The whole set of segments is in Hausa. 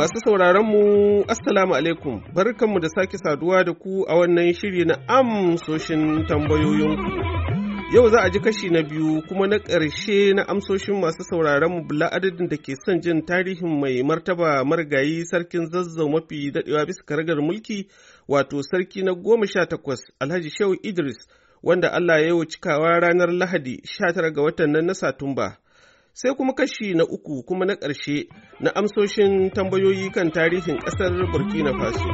Masu mu Assalamu alaikum, barkanmu da sake saduwa da ku a wannan shiri na amsoshin ku. Yau za a ji kashi na biyu kuma na ƙarshe na amsoshin masu sauraronmu bula adadin da ke son jin tarihin mai martaba marigayi sarkin zazzau mafi daɗewa bisa karagar mulki wato sarki na goma sha takwas Alhaji Shehu Idris wanda Allah ya yi cikawa ranar Lahadi sha tara ga watan nan na Satumba. sai kuma kashi na uku kuma na ƙarshe na amsoshin tambayoyi kan tarihin ƙasar burkina faso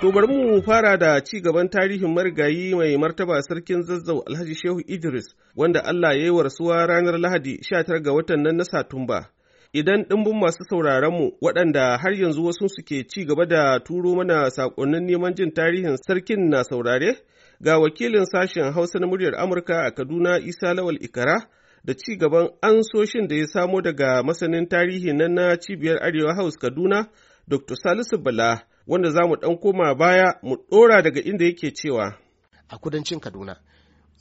to bari mu fara da ci gaban tarihin marigayi mai martaba sarkin zazzau alhaji shehu idris wanda allah ya yi warsuwa ranar lahadi 19 ga watan nan na satumba idan ɗimbin masu mu waɗanda har yanzu wasu suke ci gaba da turo mana saƙonnin neman jin tarihin sarkin na saurare ga wakilin sashen hausa na muryar amurka a kaduna isa lawal ikara da ci gaban ansoshin da ya samo daga masanin tarihi na na cibiyar Arewa House Kaduna, Dr. Salisu Bala, wanda za mu ɗan koma baya mu ɗora daga inda yake cewa. A kudancin Kaduna,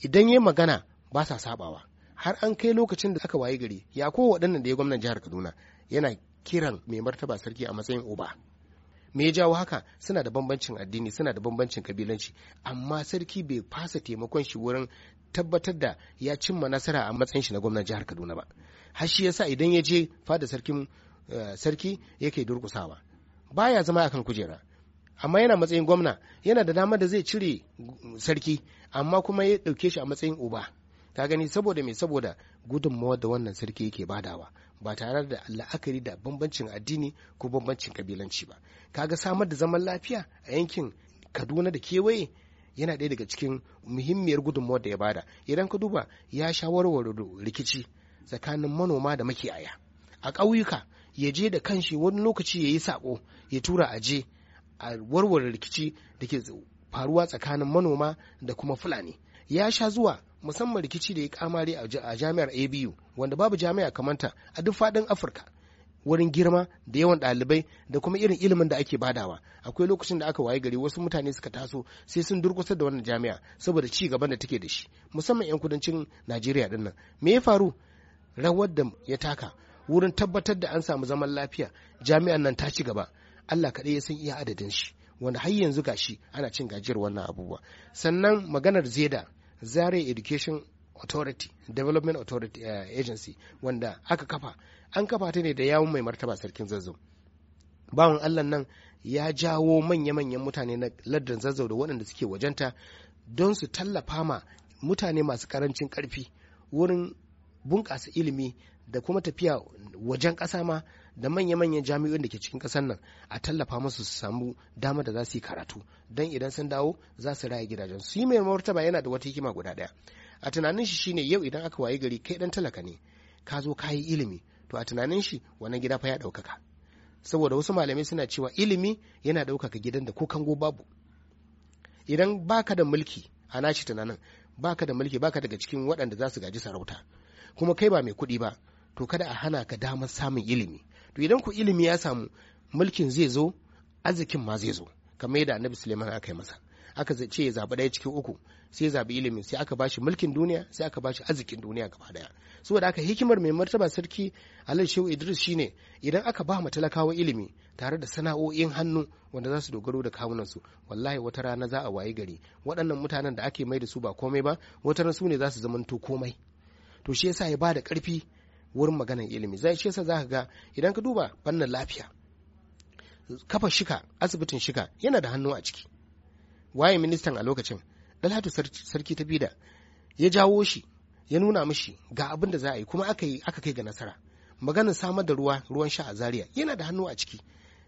idan ya magana ba sa sabawa, har an kai lokacin da aka wayi gari, ya ko waɗannan da ya gwamnan jihar Kaduna yana kiran mai martaba sarki a matsayin uba. me ya jawo haka suna da bambancin addini suna da bambancin kabilanci amma sarki bai fasa taimakon shi wurin tabbatar da ya cimma nasara a matsayin shi na gwamnan jihar Kaduna ba har shi yasa idan ya je fada sarkin eh, sarki yake durkusawa baya zama akan kujera amma yana matsayin gwamna yana da dama da zai cire sarki amma kuma ya ɗauke shi a matsayin uba ka gani saboda mai saboda gudunmawa da wannan sarki yake badawa ba tare da la'akari da bambancin addini ko bambancin kabilanci ba kaga samar da zaman lafiya a yankin kaduna da kewaye yana ɗaya daga cikin muhimmiyar gudunmawar da ya bada idan ka duba ya shawarwar rikici tsakanin manoma da makiyaya a ƙauyuka ya je da kanshi wani lokaci ya yi saƙo ya tura a je a warware rikici da ke faruwa tsakanin manoma da kuma fulani ya sha zuwa musamman rikici da ya kamare a jami'ar abu wanda babu jami'a kamanta a duk faɗin afirka wurin girma da yawan ɗalibai da kuma irin ilimin da ake badawa akwai lokacin da aka waye gari wasu mutane suka taso sai sun durkusa da wannan jami'a saboda ci gaban da take da shi musamman 'yan kudancin najeriya din nan me ya faru rawar da ya taka wurin tabbatar da an samu zaman lafiya jami'an nan ta ci gaba allah kaɗai ya san iya adadin shi wanda har yanzu gashi ana cin gajiyar wannan abubuwa sannan maganar zeda zaria education authority development authority uh, agency wanda aka kafa an kafa ta ne da yawun mai martaba sarkin zazzau bawan allah nan ya jawo manya-manyan mutane na lardin zazzau da waɗanda suke wajenta don su tallafa ma mutane masu karancin karfi wurin bunƙasa ilimi da kuma tafiya wajen ƙasa ma da manya-manyan jami'o'in da ke cikin ƙasar nan a tallafa musu su samu dama da za su yi karatu don idan sun dawo za su raya gidajen su yi mai martaba yana da wata hikima guda ɗaya a tunanin shi shine yau idan aka wayi gari kai dan talaka ne ka zo ka yi ilimi to a tunanin shi wannan gida fa ya ɗaukaka saboda wasu malamai suna cewa ilimi yana daukaka gidan da ko kango babu idan baka da mulki a nashi tunanin baka da mulki baka daga cikin waɗanda za su gaji sarauta kuma kai ba mai kuɗi ba to kada a hana ka damar samun ilimi to idan ku ilimi ya samu mulkin zai zo arzikin ma zai zo kamar yadda annabi suleiman aka yi masa aka ce ya zaɓi ɗaya cikin uku sai ya zaɓi ilimin sai aka bashi mulkin duniya sai aka bashi arzikin duniya gaba daya saboda aka hikimar mai martaba sarki alal shehu idris shine idan aka ba mu talakawa ilimi tare da sana'o'in hannu wanda za su dogaro da kawunansu wallahi wata rana za a waye gari waɗannan mutanen da ake mai da su ba komai ba wata rana su ne za su zamanto komai to shi yasa ya ba da ƙarfi wurin maganar ilimi zai shi yasa ka ga idan ka duba fannin lafiya kafa shika asibitin shika yana da hannu a ciki waye ministan a lokacin dalhatu sarki ta bida ya jawo shi ya nuna mishi ga abin da za a yi kuma aka yi aka kai ga nasara maganin samar da ruwa ruwan sha a zaria yana da hannu a ciki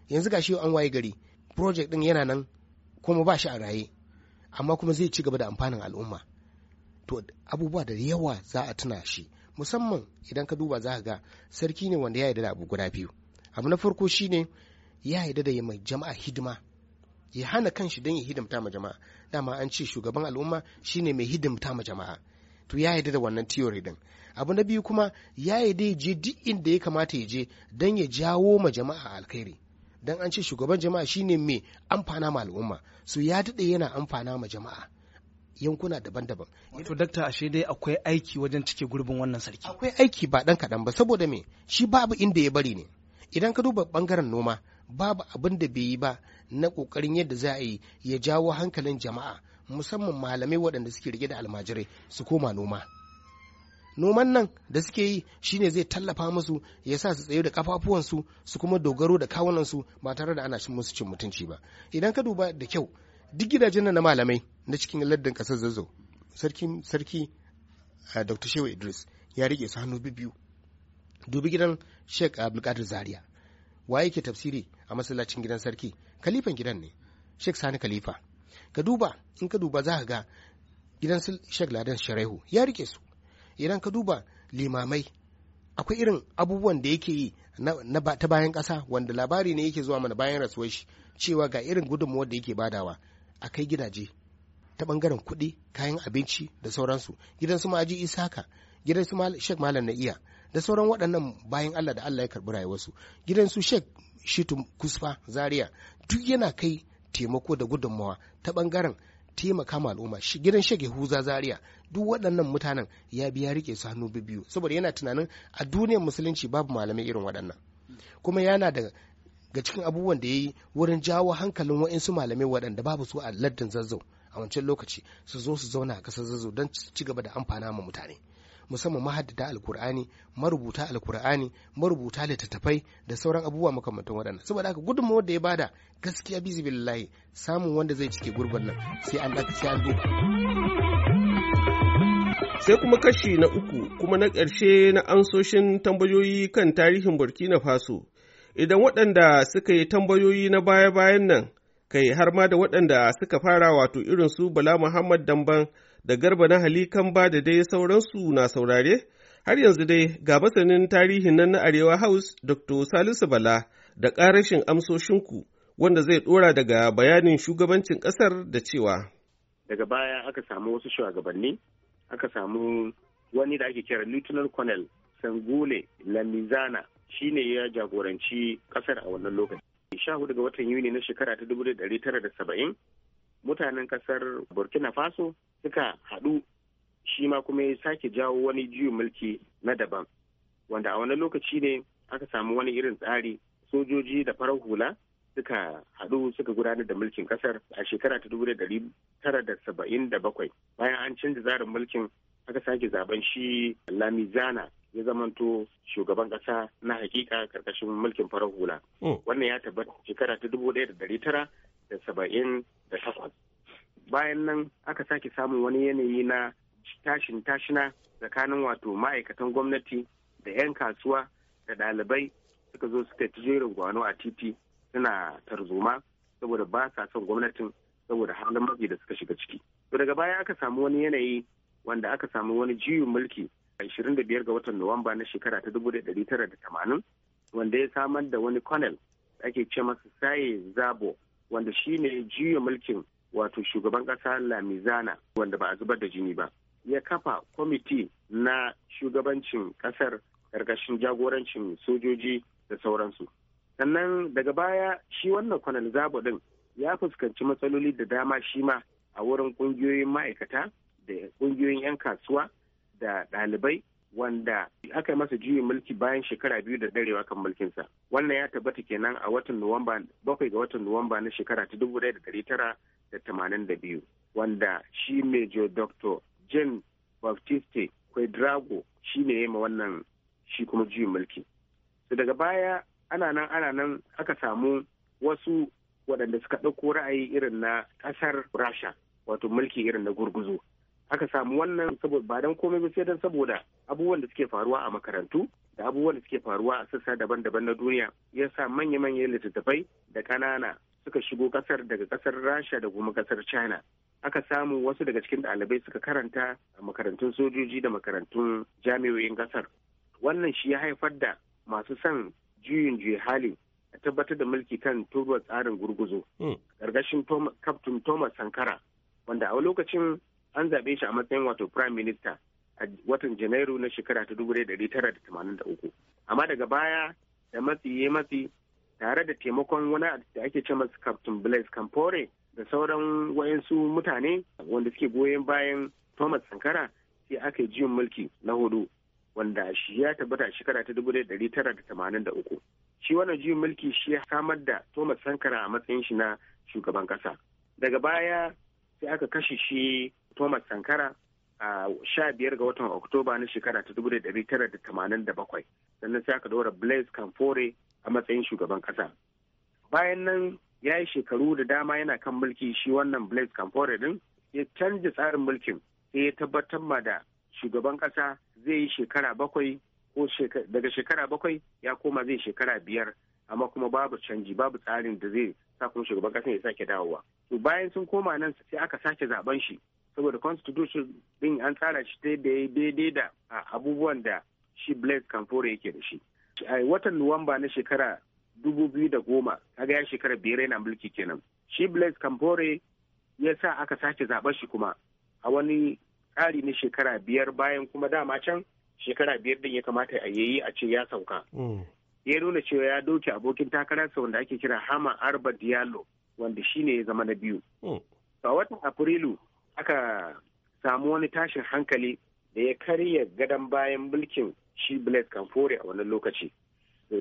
yanzu ga shi an waye gari project din yana nan kuma ba shi a raye amma kuma zai ci gaba da amfanin al'umma to abubuwa da yawa za a tuna shi musamman idan ka duba za ka ga sarki ne wanda ya yarda da abu guda biyu abu na farko shine ya yarda da mai jama'a hidima ya hana shi don ya hidimta ma jama'a dama an ce shugaban al'umma shine mai hidimta ma jama'a to ya yarda da wannan theory din abu na biyu kuma ya yarda ya je duk inda ya kamata ya je don ya jawo ma jama'a alkhairi dan an ce shugaban jama'a shine mai amfana ma al'umma su ya daɗe yana amfana ma jama'a yankuna daban-daban. Wato dakta ashe dai akwai aiki wajen cike gurbin wannan sarki. Akwai aiki ba dan kaɗan ba saboda me shi babu inda ya bari ne. Idan ka duba bangaren noma babu abin da bai yi ba na kokarin yadda za a yi ya jawo hankalin jama'a musamman malamai waɗanda suke rike da almajirai su koma noma noman nan da suke yi shine zai tallafa musu ya sa su tsayo da kafafuwansu su kuma dogaro da kawunansu ba tare da ana cin musu cin mutunci ba idan ka duba da kyau duk gidajen na malamai na cikin lardin kasar zazzau sarki sarki dr shehu idris ya rike su hannu biyu dubi gidan sheik abdulkadir zaria waye ke tafsiri a masallacin gidan sarki kalifan gidan ne sheikh sani khalifa ka duba in ka duba za ka ga gidan sheikh ladan sharehu ya rike su idan ka duba limamai akwai irin abubuwan da yake yi ta bayan kasa wanda labari ne yake zuwa mana bayan rasuwar shi cewa ga irin gudunmuwar da yake badawa a kai gidaje ta bangaren kuɗi kayan abinci da sauransu gidan su ma'aji isaka gidan su shek malam na iya da sauran waɗannan bayan allah da allah ya karɓi rayuwarsu gidan su shek shitu kusfa zaria duk yana kai taimako da gudunmawa ta bangaren taimaka ma al'umma shi gidan shage huza zaria duk waɗannan mutanen ya biya rike su hannu biyu saboda yana tunanin a duniyar musulunci babu malamai irin waɗannan kuma yana da ga cikin abubuwan da ya yi wurin jawo hankalin waɗansu malamai waɗanda babu su a lardin zazzau a wancan lokaci su zo su zauna a ƙasar zazzau don ci gaba da amfana ma mutane musamman mahaddata alkur'ani marubuta alkur'ani marubuta littattafai da sauran abubuwa makamantan waɗanda saboda haka gudunmu wanda ya bada gaskiya bizi billahi samun wanda zai cike gurbin nan sai an sai an duka sai kuma kashi na uku kuma na ƙarshe na ansoshin tambayoyi kan tarihin burkina faso idan waɗanda suka yi tambayoyi na baya-bayan nan kai har ma da waɗanda suka fara wato irin su bala muhammad damban da garba na halikan ba da dai sauransu na saurare, har yanzu dai ga masanin tarihin nan na Arewa House Dr. Salisu Bala da ƙarashin amsoshinku wanda zai dora daga bayanin shugabancin ƙasar da cewa. Daga baya aka samu wasu shugabanni, aka samu wani da ake kira Lieutenant Colonel Sangule Lamizana shi ne ya jagoranci ƙasar a wannan lokaci. Sha hudu ga watan Yuni na shekara ta dubu da dari tara saba'in mutanen ƙasar Burkina Faso suka haɗu shi ma kuma ya sake jawo wani juyin mulki na daban wanda a wani lokaci ne aka samu wani irin tsari sojoji da farar hula suka haɗu suka gudanar da mulkin kasar a shekara ta dubu da tara da saba'in da bakwai bayan an canza tsarin mulkin aka sake zaben shi zana ya zamanto shugaban kasa na hakika karkashin mulkin farar hula hmm. wannan ya tabbata shekara ta dubu da tara da saba'in da takwas bayan nan aka sake samun wani yanayi na tashin tashina tsakanin wato ma'aikatan gwamnati da 'yan kasuwa da ɗalibai suka zo suka ci jerin gwano a titi suna tarzoma saboda ba sa son gwamnatin saboda halin mafi da suka shiga ciki to daga baya aka samu wani yanayi wanda aka samu wani jiyin mulki a 25 ga watan nuwamba na shekara ta 1980 wanda ya samar da wani da ake ce masa saye zabo wanda shine ne juya mulkin wato shugaban ƙasa lamizana wanda ba a zubar da jini ba ya kafa kwamiti na shugabancin ƙasar ƙarƙashin jagorancin sojoji da sauransu sannan daga baya shi wannan kwanan zabo din ya fuskanci matsaloli da dama shi ma a wurin ƙungiyoyin ma'aikata da ƙungiyoyin 'yan kasuwa da ɗalibai wanda aka yi masa juyin mulki bayan shekara biyu da darewa kan mulkinsa wannan ya tabbata kenan a watan nuwamba bakwai ga watan nuwamba na shekara ta dubu ɗaya da ɗari tara da tamanin da biyu wanda shi major doctor jean baptiste quadrago shi ne ya wannan shi kuma juyin mulki su daga baya ana nan ana nan aka samu wasu waɗanda suka ɗauko ra'ayi irin na ƙasar rasha wato mulki irin na gurguzu aka samu wannan saboda ba don komai sai don saboda abubuwan da suke faruwa a makarantu da abubuwan da suke faruwa a sassa daban-daban na duniya ya sa manya-manyan littattafai da ƙanana suka shigo kasar daga kasar rasha da kuma kasar china aka samu wasu daga cikin ɗalibai suka karanta a makarantun sojoji da makarantun jami'o'in kasar wannan shi ya haifar da masu son juyin juya hali a tabbatar da mulki kan turbar tsarin gurguzo gargashin hmm. kaftin thomas sankara wanda a lokacin an zaɓe shi a matsayin wato prime minister a watan janairu na shekara ta uku amma daga baya da matsi ya matsi tare da taimakon wani da ake ce masa captain blaise campore da sauran wayansu mutane wanda suke goyon bayan thomas sankara sai aka yi mulki na hudu wanda shi ya tabbata shekara ta dubu da uku shi wannan juyin mulki shi ya samar da thomas sankara a matsayin shi na shugaban kasa daga baya sai aka kashe shi thomas sankara a sha biyar ga watan oktoba na shekara ta dubu sannan sai aka dora blaise kamfore a matsayin shugaban kasa bayan nan ya yi shekaru da dama yana kan mulki shi wannan blaise kamfore din ya canza tsarin mulkin sai ya tabbatar ma da shugaban kasa zai yi shekara bakwai ko daga shekara bakwai ya koma zai shekara biyar amma kuma babu canji babu tsarin da zai sa kuma shugaban ƙasa ya sake dawowa to bayan sun koma nan sai aka sake zaben shi saboda constitution din an tsara shi ta daidai da abubuwan da shi blaise kamfore yake da shi a watan nuwamba na shekara dubu biyu da goma kaga ya shekara biyar yana mulki kenan shi blaise campore ya sa aka sake zaɓar shi kuma a wani tsari na shekara biyar bayan kuma dama can shekara biyar din ya kamata a yayi a ce ya sauka mm. ya nuna cewa ya doke abokin takararsa wanda ake kira hama arba diallo wanda shi ne ya zama na biyu mm. a watan afrilu aka samu wani tashin hankali da ya karya gadon bayan mulkin shi blaise kamfore a wannan lokaci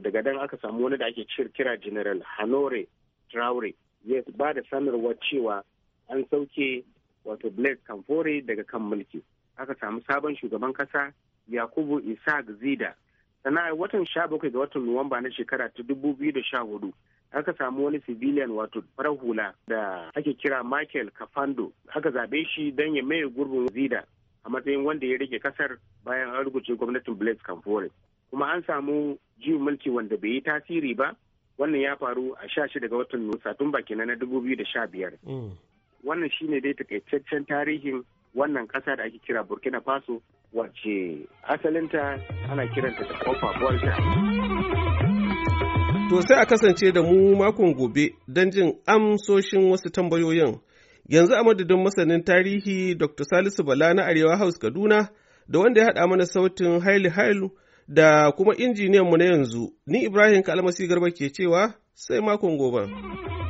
daga dan aka samu wani da ake kira general hanore traore ya ba da sanarwar cewa an sauke wato blaise kamfore daga kan mulki aka samu sabon shugaban kasa yakubu isaac zida sana'ar watan sha bakwai ga watan nuwamba na shekara ta dubu biyu da sha hudu aka samu wani civilian wato farar hula da ake kira michael kafando aka zaɓe shi don ya maye gurbin zida a matsayin wanda ya rage kasar bayan an rubuce gwamnatin blaise kamfore kuma an samu juyin mulki wanda bai yi tasiri ba wannan ya faru a sha ga watan satumba kenan na dubu biyu da sha biyar mm. wannan shine dai takaitaccen tarihin wannan kasa da ake kira burkina faso wace asalinta ana kiranta da kofa volta to sai a kasance da mu makon gobe don jin amsoshin wasu tambayoyin Yanzu a madadin masanin tarihi Dr. Salisu Bala na Arewa House Kaduna da wanda ya haɗa mana sautin Haili Hailu da kuma injiniyanmu na yanzu, ni Ibrahim Kalmasi Garba ke cewa sai makon gobe.